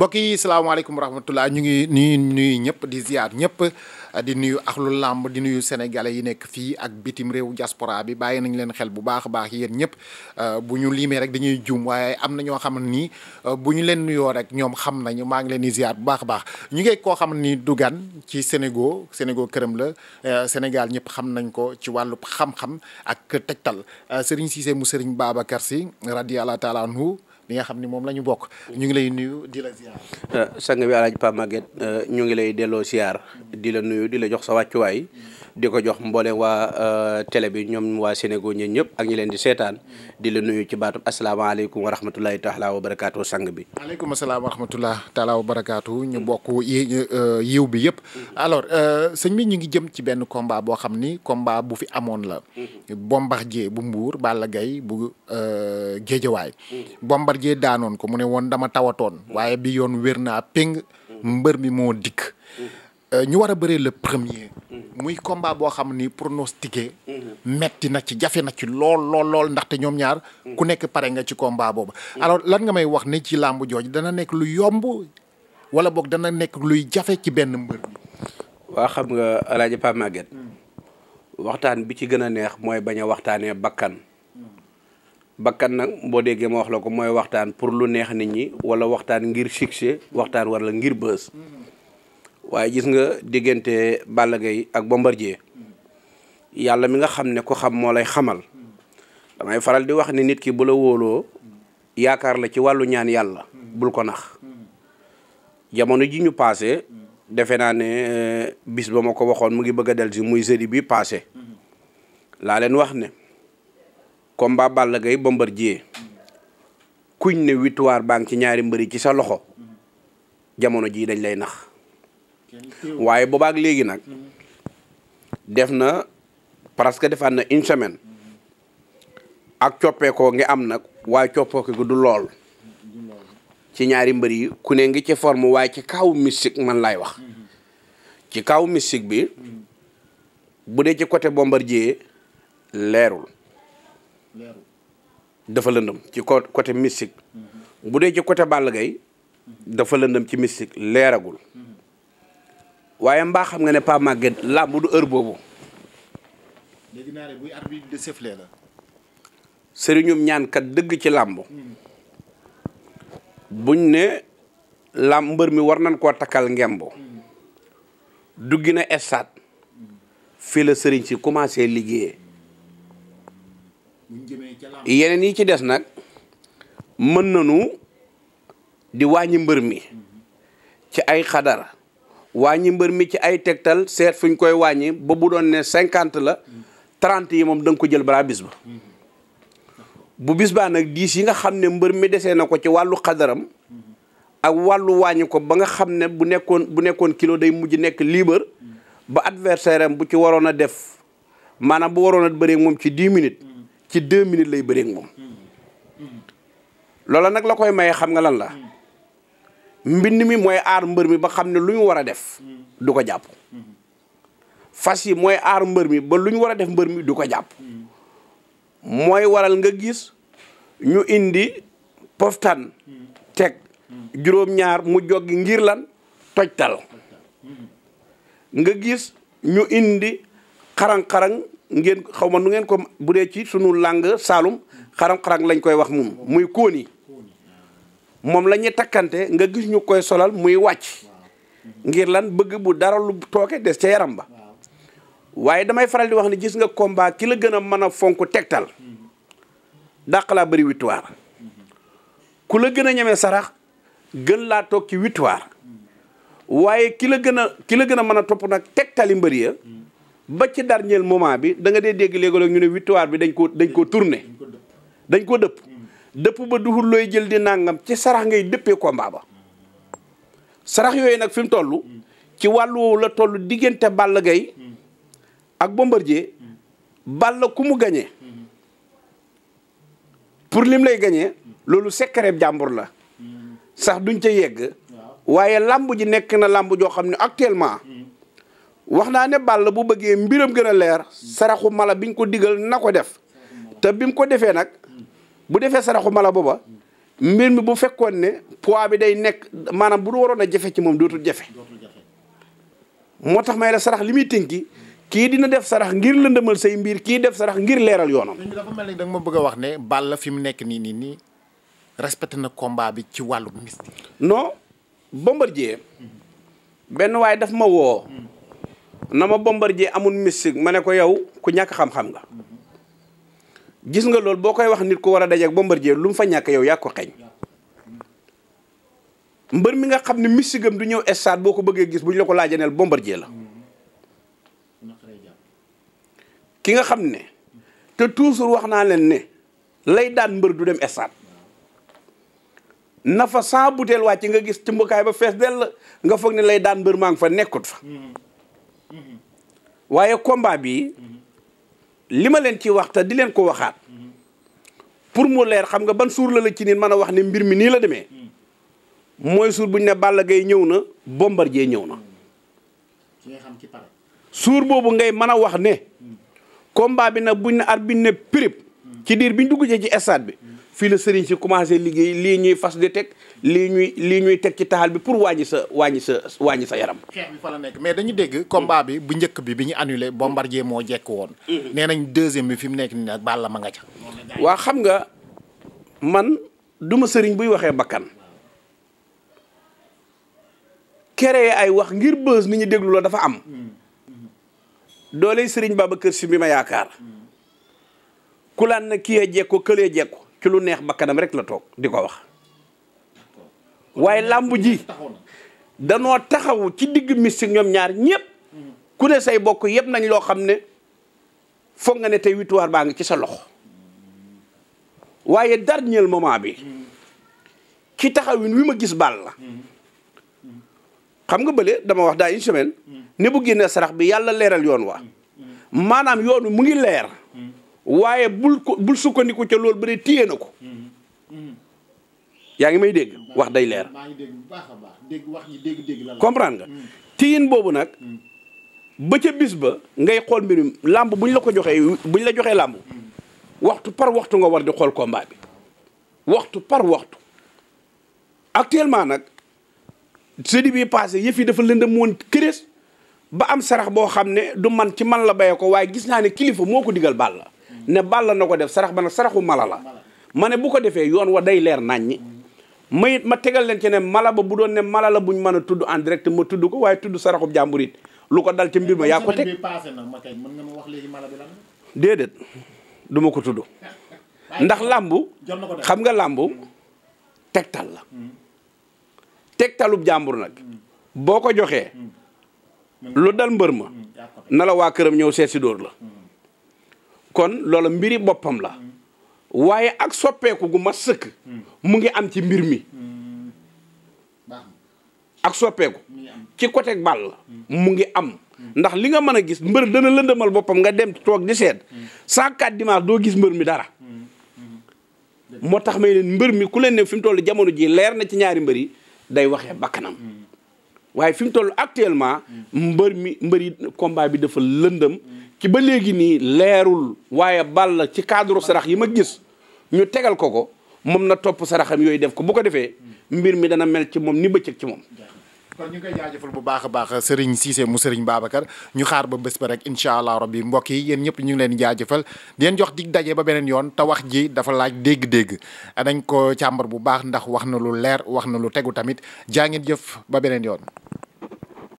mbokk yi salaamaaleykum wa ñu ngi nuyu nuyu ñëpp di ziar ñëpp di nuyu axlu làmb di nuyu sénégalais yi nekk fii ak bitim réew jaspora bi bàyyi nañ leen xel bu baax a baax yéen ñëpp euh, bu ñu limee rek dañuy juum waaye am na ñoo xam nii euh, bu ñu leen nuyoo rek ñoom xam nañu maa ngi leen di ziar bu baax a baax ñu ngi koo xam ne nii dugan ci Sénégal Sénégal këram la euh, Sénégal ñëpp xam nañ ko ci wàllu xam-xam ak tegtal Serigne Cissé mu Serigne Babacar Sy radiyallahu taala anhu li nga xam ni moom la ñu bokk ñu ngi lay nuyu di la ziar. Euh, sang bi alaaj Pa Maguette euh, ñu ngi lay delloo ziar di la nuyu di la jox sa wàccuwaay di ko jox mboole waa euh, télé bi ñoom waa Sénégal ñun ñëpp ak ñi leen di seetaan di la nuyu ci baatu asalaamaaleykum wa rahmatulahi taala wa barakaatu sang bi. waaleykum asalaam wa rahmatulah taala wa barakaatu ñu bokk yiw bi yëpp. alors sëñ bi ñu ngi jëm ci benn combat boo xam ni combat bu fi amoon la. Mm-hmm. Bombardier bu mbuur Balla Gaye bu Géejawaay. Mm-hmm. Bombardier bombardier daanoon ko mu ne woon dama tawatoon waaye bi yoon wér naa péng mbër mi moo dikk euh, ñu war a bëree le muy combat boo xam ni pronostiqué metti na ci jafe na ci lool lool ndaxte ñoom ñaar ku nekk pare nga ci combat booba alors lan nga may wax ne ci làmb jooju dana nekk lu yomb wala boog dana nekk luy jafe ci benn mbër bi waa xam nga alaaji Pa waxtaan bi ci gën a neex mooy bañ a waxtaanee bakkan bakkan nag boo déggee ma wax la ko mooy waxtaan pour lu neex nit ñi wala waxtaan ngir succès waxtaan wala ngir bës waaye gis nga diggante Balla Gaye ak Bombardier yàlla mi nga xam ne ku xam moo lay xamal damay faral di wax ni nit ki bu la wóoloo yaakaar la ci wàllu ñaan yàlla bul ko nax jamono ji ñu paase defe naa ne euh, bis ba ma ko waxoon mu ngi bëgg a del si muy jeudi bi paase laa leen wax ne combat Balla Gaye Bombardier kuñ ne victoire baa ci ñaari mbëri ci sa loxo jamono jii dañ lay nax waaye boobaak léegi nag def na parce que defaat na une semaine ak coppeekoo ngi am nag waaye coppeeku gi du lool ci ñaari mbër yi ku ne ngi ci forme waaye ci kaw mystique man laay wax ci kaw mistik bi bu dee ci côté Bombardier leerul dafa lëndëm ci côté mystique mm-hmm. bu dee ci côté Balla Gaye mm-hmm. dafa lëndëm ci mystique leeragul mm-hmm. waaye mbaa xam nga ne pas màgget làmb du heure boobu. léegi naa ne la. sëriñum ñaankat dëgg ci làmb buñ ne làmb mbër mi war nañ koo takkal ngemb duggi na estaat fii la sëriñ si commencé liggéeyee. yeneen yi ci des nag mën nañu di wàññi mbër mi ci ay xadara wàññi mbër mi ci ay tegtal seet fuñ koy wàññi ba bu doon ne cinquante la trente yi moom da ko jël balaa bis ba bu bis baa nag diis yi nga xam ne mbër mi desee na ko ci wàllu xadaram ak wàllu wàññi ko ba nga xam ne bu nekkoon bu nekkoon kilo day mujj nekk libre ba adversaire am bu ci waroon a def maanaam bu waroon a bëree moom ci dix minutes ci deux minutes lay bëreek moom loola nag la koy may xam nga lan la mbind mi mooy aar mbër mi ba xam ne lu ñu war a def du ko jàpp fas yi mooy aar mbër mi ba lu ñu war a def mbër mi du ko jàpp mooy waral nga gis ñu indi poftan teg juróom-ñaar mu joggi ngir lan tojtal nga gis ñu indi xarang-xarang ngeen xaw ma nu ngeen ko bu dee ci sunu làng saalum xaram-xarang lañ koy wax moom muy kóoni moom la takkante nga gis ñu koy solal muy wàcc ngir lan bëgg bu dara lu tooke des ca yaram ba waaye damay faral di wax ni gis nga komba ki la gën a mën a fonk tegtal dàq laa bëri victoire ku la gën a ñemee sarax gën laa toog ci victoire waaye ki la gën a ki la gën a mën a topp nag tegtali mbër ya ba ci dernier moment bi danga dee dégg léegi ñu ne victoire bi dañ ko dañ ko tourné dañ ko dëpp hmm. dëpp ba duhul looy jël di nangam ci sarax ngay dëppee combat ba sarax yooyu nag fi mu toll hmm. ci wàllu la toll diggante Balla gay hmm. ak Bombardier la ku mu gañee pour lim lay gañee loolu secret jàmbur la sax duñ ca yegg waaye làmb ji nekk na làmb joo xam ne actuellement wax naa ne Balla bu bëggee mbiram gën a leer saraxu mala biñ ko diggal na ko def te bi mu ko defee nag bu defee saraxu mala booba mbir mi bu fekkoon ne poids bi day nekk maanaam bu du waroon a jafe ci moom dootul jafe moo tax may la sarax li muy tënki kii dina def sarax ngir lëndëmal say mbir kii def sarax ngir leeral yoonam. dafa mel ni da nga bëgg a wax ne Balla fi mu nekk nii nii nii respecté na combat bi ci wàllu mystique. non Bombardier benn waaye daf ma woo. Hmm. na ma Bombardier amul mystique ma ne ko yow ku ñàkk xam-xam nga gis nga lool boo koy wax nit ku war a dajeek Bombardier lu mu fa ñàkk yow yaa ko xeeñ mbër mi nga xam ne mystique du ñëw stade boo ko bëggee gis bu ñu la ko laajee neel Bombardier la ki nga xam ne te toujours wax naa leen ne lay daan mbër du dem stade nafa fa sans bouteille wàcc nga gis ci ba fees dell nga foog ne lay daan mbër maa ngi fa nekkut fa waaye combat bii li ma leen ci wax di leen ko waxaat pour mu leer xam nga ban suur la la ci nit mën a wax ni mbir mi nii la demee mooy suur bu ne Balla Gaye ñëw na bombar Bombardier ñëw na. suur boobu ngay mën a wax ne. komba bi nag buñ ne arbitre ne prip ci diir biñ dugg ci stade bi fii la sëriñ si commencé liggéey lii ñuy fas di teg lii ñuy lii ñuy teg ci taxal bi pour wàññi sa wàññi sa wàññi sa yaram. xeex nekk mais dañu dégg. combat bi bu njëkk bi bi ñu annulé bombardier moo jekk woon. Mm-hmm. nee nañ deuxième bi fi mu nekk nii nag Balla ma nga ca. waa xam nga man duma sëriñ buy waxee bakkan créer ay wax ngir bës ni ñu déglu la dafa am. Mm-hmm. doole sëriñ Babacar Si bi ma yaakaar. Mm-hmm. ku laan na ki a jekko këlee jekko ci lu neex bakkanam rek la toog di ko wax waaye làmb ji danoo taxaw ci digg mystique ñoom ñaar ñëpp ku ne say bokk yëpp nañ loo xam ne foog nga ne tey victoire baa ngi ci sa loxo waaye dernier moment bi ci taxawin wi ma gis baal la xam nga bële dama wax daa une semaine mm. ne bu génnee sarax bi yàlla leeral yoon wa mm. Mm. maanaam yoonu mu ngi leer waaye bul ko bul sukkandiku ca loolu ba de téye na ko. Mm-hmm. yaa ngi may dégg mm-hmm. wax day leer. maa ngi dégg bu baax a baax dégg wax yi dégg dégg la. comprendre nga. Mm-hmm. téyin boobu nag. ba ca bis ba. ngay xool mbir mi làmb buñ la ko joxee bu ñu la joxee làmb. waxtu par waxtu nga war di xool combat bi. waxtu par waxtu. actuellement nag jeudi bi passé yëf yi dafa lëndëm woon kërees ba am sarax boo xam ne du man ci man la bayee ko waaye gis naa ne kilifa moo ko digal la ne Balla na ko def sarax ba nag saraxu mala la ma ne bu ko defee yoon wa day leer naññi mayit ma tegal leen ci ne mala ba bu doon ne mala la bu buñ mën a tudd en direct ma tudd ko waaye tudd saraxub jàmbur it lu ko dal ci mbir ma yaa ko teg déedéet du ma ko tudd ndax làmb xam nga làmb tegtal la hmm. tegtalub jàmbur nag hmm. boo ko joxee hmm. lu dal mbër ma na la waa këram ñëw seet si dóor la kon loola mbiri boppam la waaye ak soppeeku gu ma sëkk mu ngi am ci mbir mi ak soppeeku ci côté Balla mu ngi am ndax li nga mën a gis mbër dana lëndëmal boppam nga dem toog di seet cent quatre dimanche doo gis mbër mi dara moo tax may leen mbër mi ku leen ne fi mu toll jamono ji leer na ci ñaari mbër yi day waxee bakkanam waaye fi mu toll actuellement mbër mi mbër yi combat bi defal lëndëm ci ba léegi nii leerul waaye Balla ci cadre sarax yi ma gis ñu tegal ko ko moom na topp saraxam yooyu def ko bu ko defee mbir mi dana mel ci moom ni bëccëg ci moom kon ñu ngi koy jaajëfal bu baax a baax Serigne Cissé mu Serigne Babacar ñu xaar ba bés ba rek incha allah rabbi mbokk yi yéen ñëpp ñu ngi leen jaajëfal di jox dig daje ba beneen yoon te wax ji dafa laaj dégg-dégg dañ ko càmbar bu baax ndax wax na lu leer wax na lu tegu tamit jaa ngeen jëf ba beneen yoon